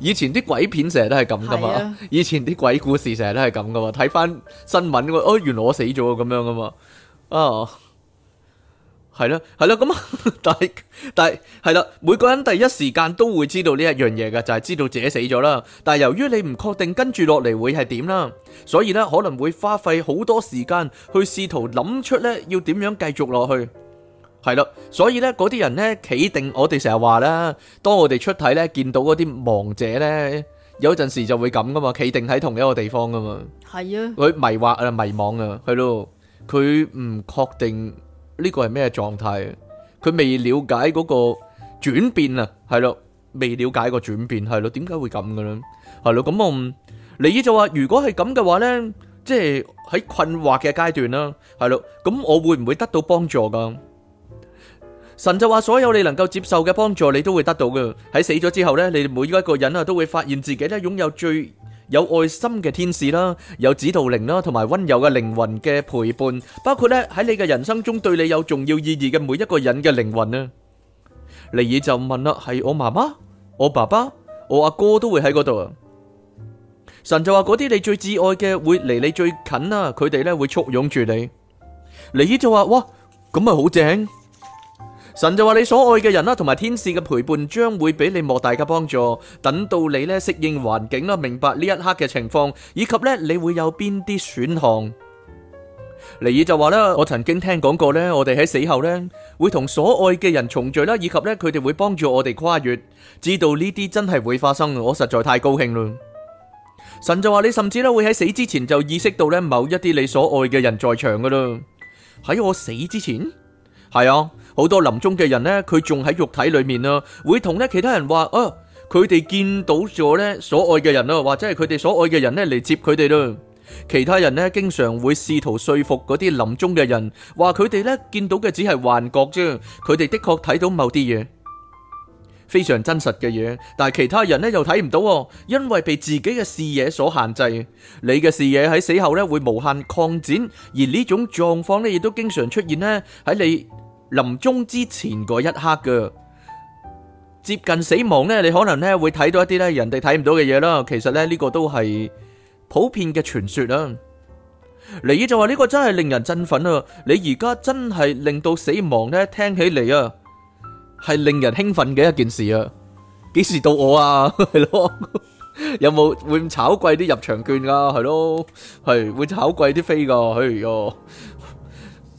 以前啲鬼片成日都係咁噶嘛，以前啲鬼故事成日都係咁噶嘛。睇翻新聞，我哦原來我死咗咁樣噶嘛，啊係啦係啦咁啊，但係但係係啦，每個人第一時間都會知道呢一樣嘢嘅，就係知道自己死咗啦。但係由於你唔確定跟住落嚟會係點啦，所以咧可能會花費好多時間去試圖諗出咧要點樣繼續落去。係咯，所以咧嗰啲人咧企定，我哋成日話啦，當我哋出體咧見到嗰啲亡者咧，有陣時就會咁噶嘛，企定喺同一個地方噶嘛，係啊，佢迷惑啊，迷惘啊，係咯，佢唔確定呢個係咩狀態，佢未了解嗰個轉變啊，係咯，未了解個轉變，係咯，點解會咁噶咧？係咯，咁我唔，你意思就話，如果係咁嘅話咧，即係喺困惑嘅階段啦，係咯，咁我會唔會得到幫助噶？神就話：所有你能夠接受嘅幫助，你都會得到嘅。喺死咗之後呢，你哋每一一個人啊，都會發現自己呢擁有最有愛心嘅天使啦，有指導靈啦，同埋溫柔嘅靈魂嘅陪伴，包括呢喺你嘅人生中對你有重要意義嘅每一個人嘅靈魂啊。尼爾就問啦：係我媽媽、我爸爸、我阿哥、哥都會喺嗰度啊？神就話：嗰啲你最摯愛嘅會離你最近啊，佢哋呢會簇擁住你。尼爾就話：哇，咁咪好正！神就話：你所愛嘅人啦，同埋天使嘅陪伴，將會俾你莫大嘅幫助。等到你咧適應環境啦，明白呢一刻嘅情況，以及咧你會有邊啲選項。尼爾就話咧：我曾經聽講過咧，我哋喺死後咧會同所愛嘅人重聚啦，以及咧佢哋會幫助我哋跨越。知道呢啲真係會發生，我實在太高興啦！神就話：你甚至咧會喺死之前就意識到咧某一啲你所愛嘅人在場噶啦。喺我死之前，係啊。好多臨終嘅人咧，佢仲喺肉體裏面咯，會同咧其他人話啊，佢哋見到咗咧所愛嘅人咯，或者係佢哋所愛嘅人咧嚟接佢哋咯。其他人咧經常會試圖說服嗰啲臨終嘅人，話佢哋咧見到嘅只係幻覺啫，佢哋的確睇到某啲嘢，非常真實嘅嘢。但係其他人咧又睇唔到，因為被自己嘅視野所限制。你嘅視野喺死後咧會無限擴展，而呢種狀況咧亦都經常出現咧喺你。臨終之前嗰一刻嘅接近死亡呢，你可能呢會睇到一啲呢人哋睇唔到嘅嘢啦。其實呢呢個都係普遍嘅傳說啦。尼爾就話呢個真係令人振奮啊！你而家真係令到死亡呢，聽起嚟啊係令人興奮嘅一件事啊！幾時到我啊？係咯？有冇會炒貴啲入場券噶？係咯？係會炒貴啲飛噶？哎喲！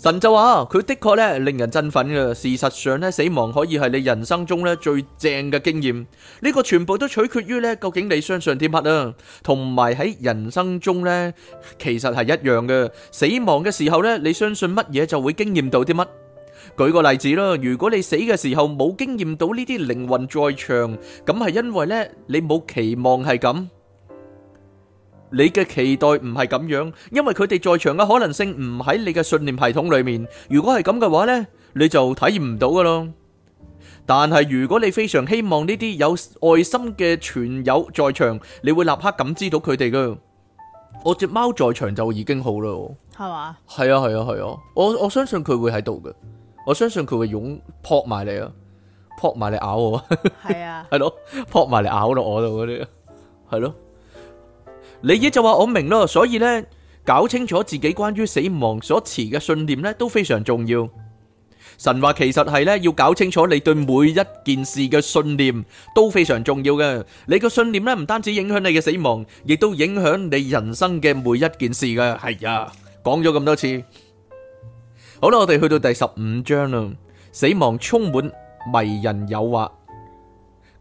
神就話佢的確咧令人振奮嘅。事實上咧，死亡可以係你人生中咧最正嘅經驗。呢個全部都取決於咧，究竟你相信啲乜啊？同埋喺人生中咧，其實係一樣嘅。死亡嘅時候咧，你相信乜嘢就會經驗到啲乜。舉個例子啦，如果你死嘅時候冇經驗到呢啲靈魂在場，咁係因為咧你冇期望係咁。你嘅期待唔係咁樣，因為佢哋在場嘅可能性唔喺你嘅信念系統裏面。如果係咁嘅話呢，你就體驗唔到噶咯。但係如果你非常希望呢啲有愛心嘅傳友在場，你會立刻感知到佢哋噶。我隻貓在場就已經好啦，係嘛？係啊係啊係啊，我我相信佢會喺度噶，我相信佢會擁撲埋你啊，撲埋你咬我。係啊，係咯，撲埋你咬落我度嗰啲，係咯。你依就話我明咯，所以咧，搞清楚自己關於死亡所持嘅信念咧，都非常重要。神話其實係咧，要搞清楚你對每一件事嘅信念都非常重要嘅。你個信念咧，唔單止影響你嘅死亡，亦都影響你人生嘅每一件事嘅。係啊，講咗咁多次。好啦，我哋去到第十五章啦，死亡充滿迷人誘惑。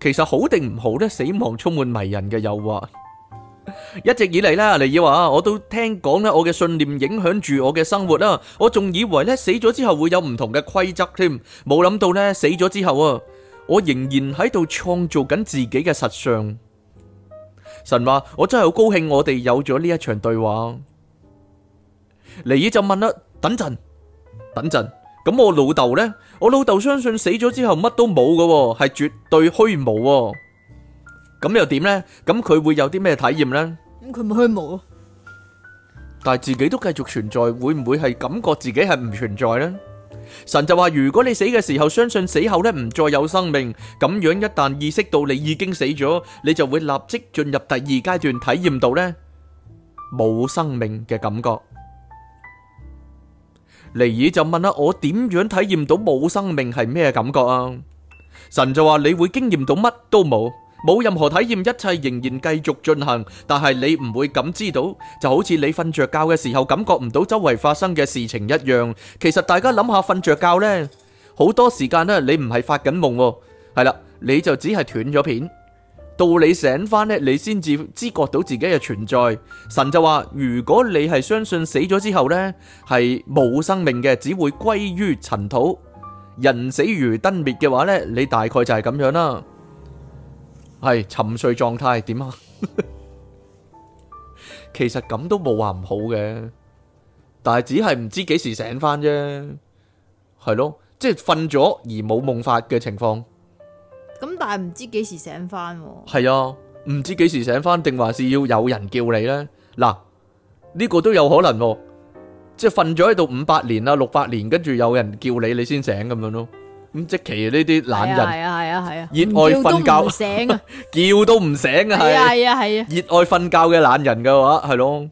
其實好定唔好咧？死亡充滿迷人嘅誘惑。一直以嚟呢，尼爾話，我都聽講呢，我嘅信念影響住我嘅生活啦。我仲以為呢，死咗之後會有唔同嘅規則添，冇諗到呢，死咗之後啊，我仍然喺度創造緊自己嘅實相。神話，我真係好高興，我哋有咗呢一場對話。尼爾就問啦：等陣，等陣，咁我老豆呢？我老豆相信死咗之後乜都冇嘅，係絕對虛無。咁又點呢？咁佢會有啲咩體驗呢？咁佢咪虛無咯？但係自己都繼續存在，會唔會係感覺自己係唔存在呢？神就話，如果你死嘅時候相信死後呢唔再有生命，咁樣一旦意識到你已經死咗，你就會立即進入第二階段體驗到呢冇生命嘅感覺。尼爾就問啦，我點樣體驗到冇生命係咩感覺啊？神就話，你會經驗到乜都冇。冇任何體驗，一切仍然繼續進行，但係你唔會感知到，就好似你瞓着覺嘅時候感覺唔到周圍發生嘅事情一樣。其實大家諗下瞓着覺呢，好多時間呢你唔係發緊夢，係啦，你就只係斷咗片。到你醒返呢，你先至知覺到自己嘅存在。神就話：如果你係相信死咗之後呢，係冇生命嘅，只會歸於塵土，人死如燈滅嘅話呢，你大概就係咁樣啦。係沉睡狀態點啊？ 其實咁都冇話唔好嘅，但係只係唔知幾時醒翻啫。係咯，即係瞓咗而冇夢法嘅情況。咁但係唔知幾時醒翻？係啊，唔、啊、知幾時醒翻，定還是,是要有人叫你咧？嗱，呢、這個都有可能、啊，即係瞓咗喺度五百年啦、六百年，跟住有人叫你，你先醒咁樣咯。咁即係呢啲懶人，係啊係啊係啊，熱愛瞓覺，叫都唔醒啊，叫都唔醒啊，係啊係啊係啊，熱愛瞓覺嘅懶人嘅話係咯，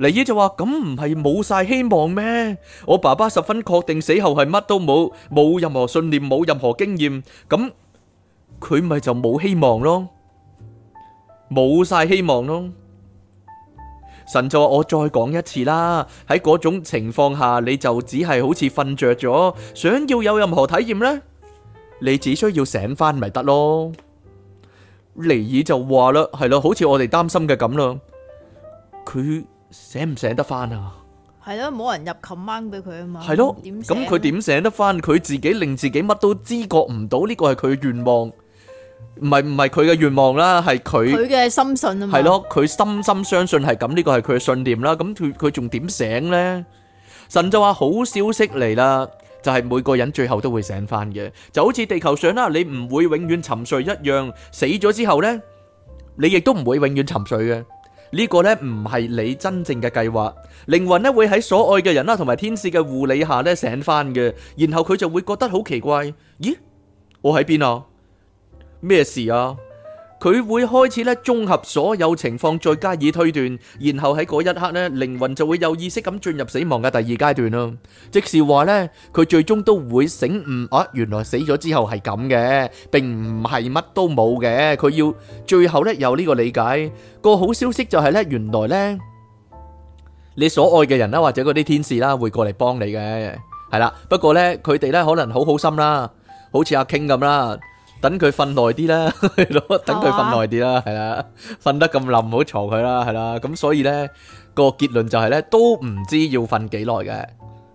尼姨就話，咁唔係冇晒希望咩？我爸爸十分確定死後係乜都冇，冇任何信念，冇任何經驗，咁佢咪就冇希望咯，冇晒希望咯。神就話，我再講一次啦，喺嗰種情況下，你就只係好似瞓着咗，想要有任何體驗呢，你只需要醒返咪得咯。尼爾就話啦，係咯，好似我哋擔心嘅咁咯。佢醒唔醒得翻啊？係咯，冇人入琴晚俾佢啊嘛。係咯，咁佢點醒得翻？佢自己令自己乜都知覺唔到，呢個係佢嘅願望。唔係唔係佢嘅願望啦，係佢嘅心信啊，係咯，佢深深相信係咁，呢個係佢嘅信念啦。咁佢佢仲點醒呢？神就話好消息嚟啦，就係、是、每個人最後都會醒翻嘅，就好似地球上啦，你唔會永遠沉睡一樣，死咗之後呢，你亦都唔會永遠沉睡嘅。呢、這個呢，唔係你真正嘅計劃，靈魂呢，會喺所愛嘅人啦，同埋天使嘅護理下呢，醒翻嘅，然後佢就會覺得好奇怪，咦，我喺邊啊？咩事啊？佢會開始咧，綜合所有情況，再加以推斷，然後喺嗰一刻呢，靈魂就會有意識咁進入死亡嘅第二階段咯。即是話呢，佢最終都會醒悟啊，原來死咗之後係咁嘅，並唔係乜都冇嘅。佢要最後呢有呢個理解。個好消息就係呢，原來呢你所愛嘅人啦，或者嗰啲天使啦，會過嚟幫你嘅。係啦，不過呢佢哋呢可能好好心啦，好似阿 King 咁啦。等佢瞓耐啲啦，等佢瞓耐啲啦，係啦，瞓得咁冧，唔好嘈佢啦，係啦，咁所以咧，個結論就係咧，都唔知要瞓幾耐嘅，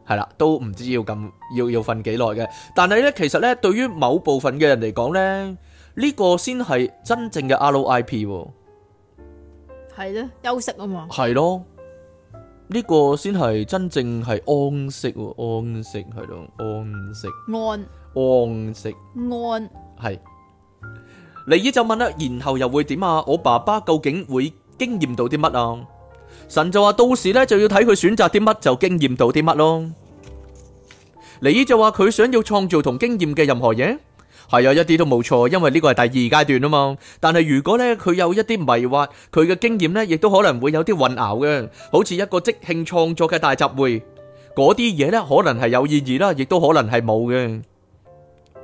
係啦，都唔知要咁要要瞓幾耐嘅，但係咧，其實咧，對於某部分嘅人嚟講咧，呢個先係真正嘅 R.I.P.，係咧，休息啊嘛，係咯，呢個先係真正係安息，安息係咯，安息，安，安息，安。係，尼爾就問啦，然後又會點啊？我爸爸究竟會經驗到啲乜啊？神就話到時咧就要睇佢選擇啲乜就經驗到啲乜咯。尼爾就話佢想要創造同經驗嘅任何嘢，係啊，一啲都冇錯，因為呢個係第二階段啊嘛。但係如果咧佢有一啲迷惑，佢嘅經驗咧亦都可能會有啲混淆嘅，好似一個即興創作嘅大集會，嗰啲嘢咧可能係有意義啦，亦都可能係冇嘅，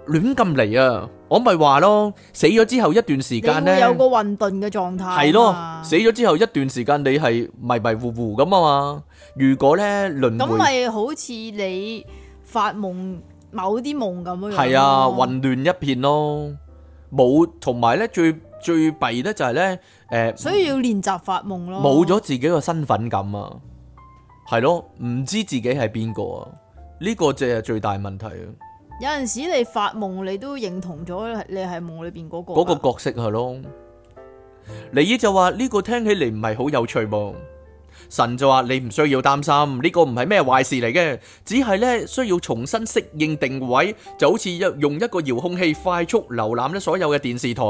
亂咁嚟啊！我咪話咯，死咗之後一段時間咧，你有個混沌嘅狀態。係咯，死咗之後一段時間，你係迷迷糊糊咁啊嘛。如果咧輪迴，咁咪好似你發夢某啲夢咁樣。係啊，混亂一片咯，冇同埋咧最最弊咧就係咧誒，呃，所以要練習發夢咯。冇咗自己個身份感啊，係咯，唔知自己係邊個啊？呢個就係最大問題啊。有陣時你發夢，你都認同咗你係夢裏邊嗰個。嗰個角色係咯，尼爾就話呢個聽起嚟唔係好有趣。神就話，你唔需要擔心，呢個唔係咩壞事嚟嘅，只係咧需要重新適應定位，就好似用一個遙控器快速瀏覽咧所有嘅電視台，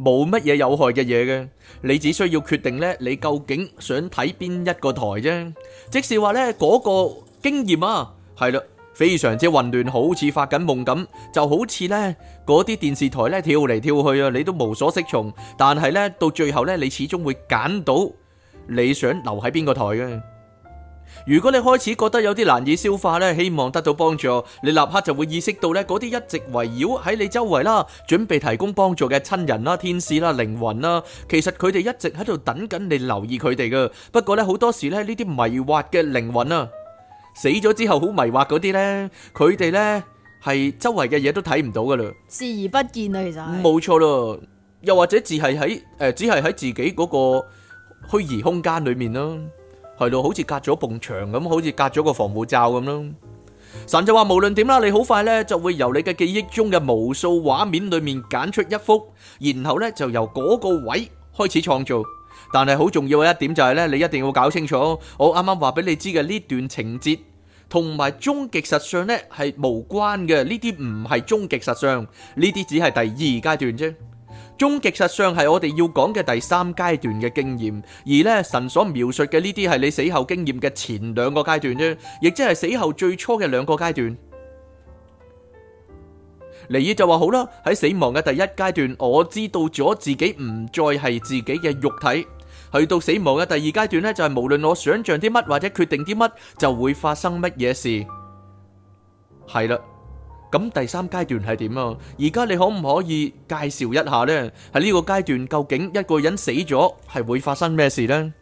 冇乜嘢有害嘅嘢嘅。你只需要決定咧，你究竟想睇邊一個台啫。即是話咧嗰個經驗啊，係啦。非常之混亂，好似發緊夢咁，就好似呢嗰啲電視台呢跳嚟跳去啊，你都無所適從。但係呢，到最後呢，你始終會揀到你想留喺邊個台嘅。如果你開始覺得有啲難以消化呢，希望得到幫助，你立刻就會意識到呢嗰啲一直圍繞喺你周圍啦，準備提供幫助嘅親人啦、天使啦、靈魂啦，其實佢哋一直喺度等緊你留意佢哋嘅。不過呢，好多時呢呢啲迷惑嘅靈魂啊。死咗之後好迷惑嗰啲咧，佢哋咧係周圍嘅嘢都睇唔到噶啦，視而不見啊！其實係，冇錯咯。又或者只係喺誒，只係喺自己嗰個虛擬空間裏面咯，係到好似隔咗埲牆咁，好似隔咗個防護罩咁咯。神就話無論點啦，你好快咧就會由你嘅記憶中嘅無數畫面裏面揀出一幅，然後咧就由嗰個位開始創造。但係好重要嘅一點就係咧，你一定要搞清楚，我啱啱話俾你知嘅呢段情節同埋終極實相呢係無關嘅，呢啲唔係終極實相，呢啲只係第二階段啫。終極實相係我哋要講嘅第三階段嘅經驗，而呢神所描述嘅呢啲係你死後經驗嘅前兩個階段啫，亦即係死後最初嘅兩個階段。尼爾就話好啦，喺死亡嘅第一階段，我知道咗自己唔再係自己嘅肉體；去到死亡嘅第二階段呢就係無論我想象啲乜或者決定啲乜，就會發生乜嘢事。係啦，咁第三階段係點啊？而家你可唔可以介紹一下呢？喺呢個階段究竟一個人死咗係會發生咩事呢？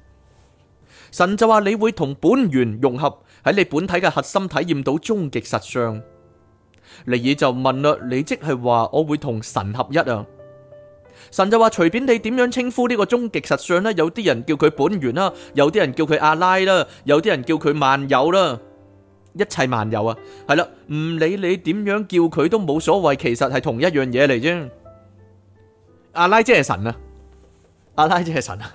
神就話你會同本源融合喺你本體嘅核心體驗到終極實相。尼爾就問啦，你即係話我會同神合一啊？神就話隨便你點樣稱呼呢個終極實相啦。有啲人叫佢本源啦，有啲人叫佢阿拉啦，有啲人叫佢萬有啦，一切萬有啊，係啦，唔理你點樣叫佢都冇所謂，其實係同一樣嘢嚟啫。阿拉即係神啊，阿拉即係神啊。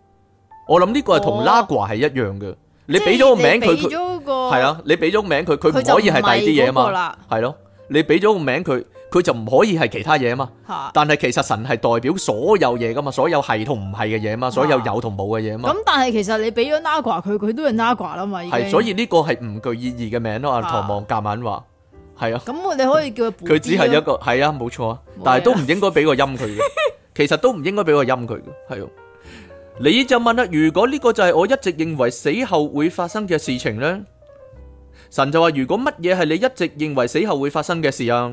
我諗呢個係同拉掛係一樣嘅，你俾咗個名佢，佢係啊，你俾咗名佢，佢唔可以係第二啲嘢啊嘛，係咯，你俾咗個名佢，佢就唔可以係其他嘢啊嘛，但係其實神係代表所有嘢噶嘛，所有係同唔係嘅嘢啊嘛，所有有同冇嘅嘢啊嘛。咁但係其實你俾咗拉掛佢，佢都係拉掛啦嘛，係所以呢個係唔具意義嘅名咯。阿唐望夾硬話係啊，咁我哋可以叫佢，佢只係一個係啊，冇錯啊，但係都唔應該俾個音佢嘅，其實都唔應該俾個音佢嘅，係咯。尼耶就問啦：如果呢個就係我一直認為死後會發生嘅事情咧，神就話，如果乜嘢係你一直認為死後會發生嘅事啊？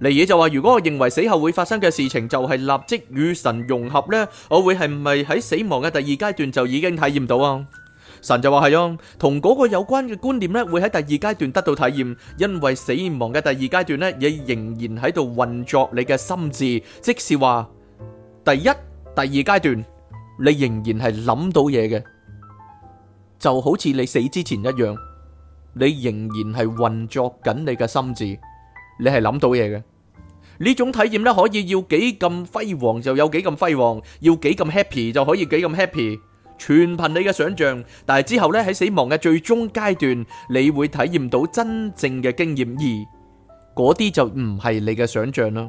尼爾就話，如果我認為死後會發生嘅事情就係立即與神融合咧，我會係咪喺死亡嘅第二階段就已經體驗到啊？神就話，係啊，同嗰個有關嘅觀念咧，會喺第二階段得到體驗，因為死亡嘅第二階段咧，也仍然喺度運作你嘅心智，即是話第一、第二階段。你仍然係諗到嘢嘅，就好似你死之前一樣，你仍然係運作緊你嘅心智，你係諗到嘢嘅。呢種體驗咧，可以要幾咁輝煌就有幾咁輝煌，要幾咁 happy 就可以幾咁 happy，全憑你嘅想象。但係之後咧，喺死亡嘅最終階段，你會體驗到真正嘅經驗，而嗰啲就唔係你嘅想象啦。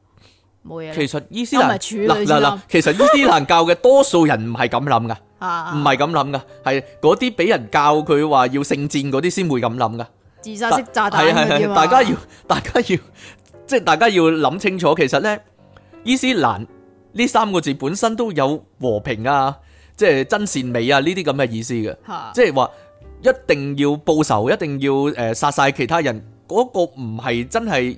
其實伊斯蘭嗱嗱嗱，其實伊斯蘭教嘅多數人唔係咁諗噶，唔係咁諗噶，係嗰啲俾人教佢話要聖戰嗰啲先會咁諗噶。自殺式炸彈係啊，大家要大家要，即係大家要諗清楚。其實咧，伊斯蘭呢三個字本身都有和平啊，即係真善美啊呢啲咁嘅意思嘅。即係話一定要報仇，一定要誒殺晒其他人，嗰個唔係真係。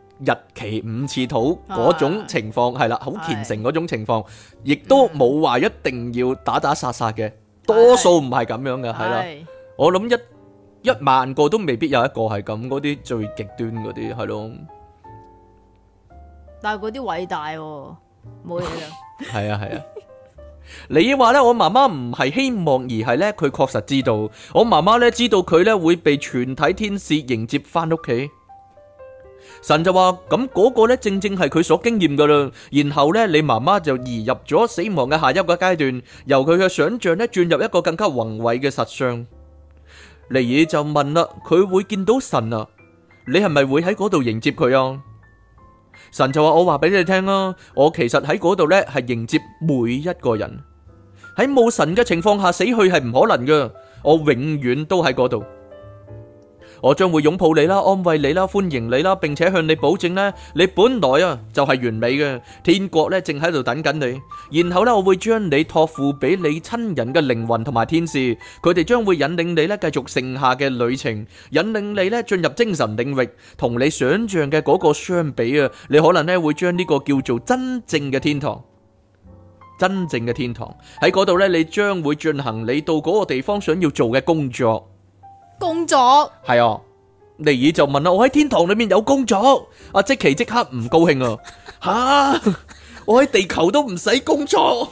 日期五次土嗰種情況係啦，好虔誠嗰種情況，亦都冇話一定要打打殺殺嘅，多數唔係咁樣嘅，係啦。我諗一一萬個都未必有一個係咁，嗰啲最極端嗰啲係咯。但係嗰啲偉大喎，冇嘢啦。係啊係啊，你話咧，我媽媽唔係希望，而係咧，佢確實知道，我媽媽咧知道佢咧會被全體天使迎接翻屋企。神就話：咁嗰個呢，正正係佢所經驗㗎啦。然後呢，你媽媽就移入咗死亡嘅下一個階段，由佢嘅想象咧，轉入一個更加宏偉嘅實相。尼爾就問啦：佢會見到神啊？你係咪會喺嗰度迎接佢啊？神就話：我話俾你聽啦、啊，我其實喺嗰度呢，係迎接每一個人。喺冇神嘅情況下死去係唔可能嘅，我永遠都喺嗰度。我將會擁抱你啦，安慰你啦，歡迎你啦，並且向你保證呢，你本來啊就係完美嘅，天國呢正喺度等緊你。然後呢，我會將你託付俾你親人嘅靈魂同埋天使，佢哋將會引領你呢繼續剩下嘅旅程，引領你呢進入精神領域。同你想象嘅嗰個相比啊，你可能呢會將呢個叫做真正嘅天堂，真正嘅天堂喺嗰度呢，你將會進行你到嗰個地方想要做嘅工作。工作係啊，尼爾就問啦：我喺天堂裏面有工作？阿即奇即刻唔高興啊！吓，我喺地球都唔使工作，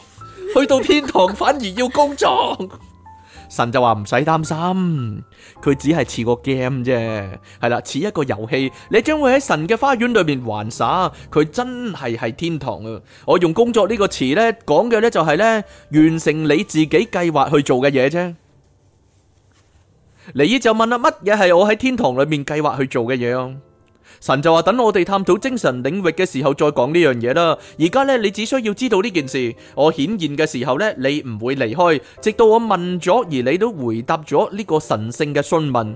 去到天堂反而要工作。神就話唔使擔心，佢只係似個 game 啫，係啦，似一個遊戲。你將會喺神嘅花園裏面玩耍，佢真係係天堂啊！我用工作呢個詞呢，講嘅呢就係呢，完成你自己計劃去做嘅嘢啫。尼爾就問啦，乜嘢係我喺天堂裏面計劃去做嘅嘢？神就話等我哋探討精神領域嘅時候再講呢樣嘢啦。而家咧，你只需要知道呢件事。我顯現嘅時候咧，你唔會離開，直到我問咗而你都回答咗呢個神聖嘅詢問。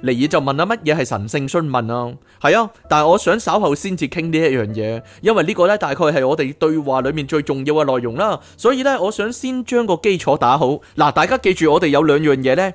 尼爾就問啦，乜嘢係神聖詢問啊？係啊，但係我想稍後先至傾呢一樣嘢，因為呢個咧大概係我哋對話裏面最重要嘅內容啦。所以咧，我想先將個基礎打好。嗱，大家記住我哋有兩樣嘢咧。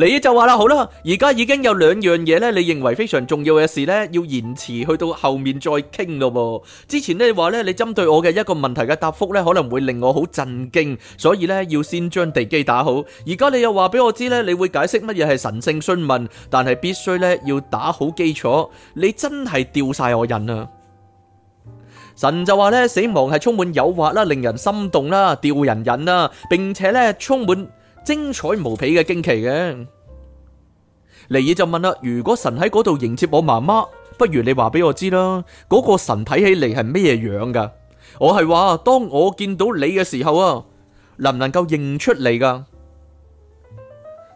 你就話啦，好啦，而家已經有兩樣嘢咧，你認為非常重要嘅事咧，要延遲去到後面再傾咯。之前你話咧，你針對我嘅一個問題嘅答覆咧，可能會令我好震驚，所以咧要先將地基打好。而家你又話俾我知咧，你會解釋乜嘢係神聖詢問，但係必須咧要打好基礎。你真係吊晒我癮啊！神就話咧，死亡係充滿誘惑啦，令人心動啦，吊人癮啦，並且咧充滿。精彩無比嘅驚奇嘅。尼爾就問啦：如果神喺嗰度迎接我媽媽，不如你話俾我知啦。嗰、嗰個神睇起嚟係咩樣噶？我係話，當我見到你嘅時候啊，能唔能夠認出嚟噶？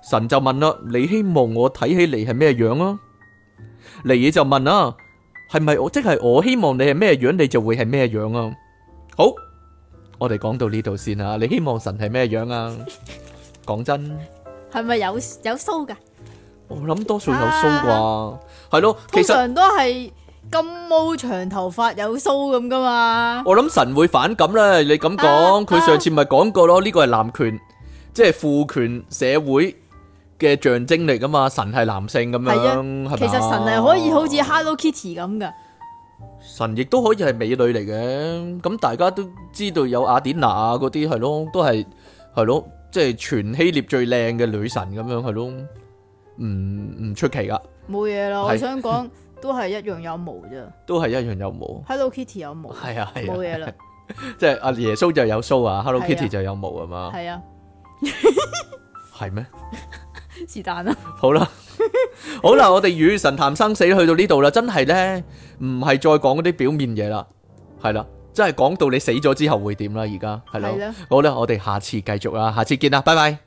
神就問啦：你希望我睇起嚟係咩樣啊？尼爾就問啊，係咪我即係、就是、我希望你係咩樣，你就會係咩樣啊？好，我哋講到呢度先吓。你希望神係咩樣啊？ 講真，係咪有有鬚噶？我諗多數有鬚啩，係咯。通常都係金毛長頭髮有鬚咁噶嘛。我諗神會反感啦。你咁講，佢上次咪講過咯？呢個係男權，即係父權社會嘅象徵嚟噶嘛？神係男性咁樣係嘛？其實神係可以好似 Hello Kitty 咁噶。神亦都可以係美女嚟嘅，咁大家都知道有雅典娜啊，嗰啲係咯，都係係咯。即係全希臘最靚嘅女神咁樣，佢都唔唔出奇噶，冇嘢咯。是我想講都係一樣有毛啫， 都係一樣有毛。 Hello Kitty 有毛，係啊係啊，冇嘢啦。即係阿耶穌就有 show 啊，Hello Kitty 就有毛啊嘛，係啊，係咩？是但啦。好啦，好啦，我哋與神談生，生死去到呢度啦，真係咧，唔係再講嗰啲表面嘢啦，係啦。真係講到你死咗之後會點啦？而家係囉，好啦，我哋下次繼續啦，下次見啦，拜拜。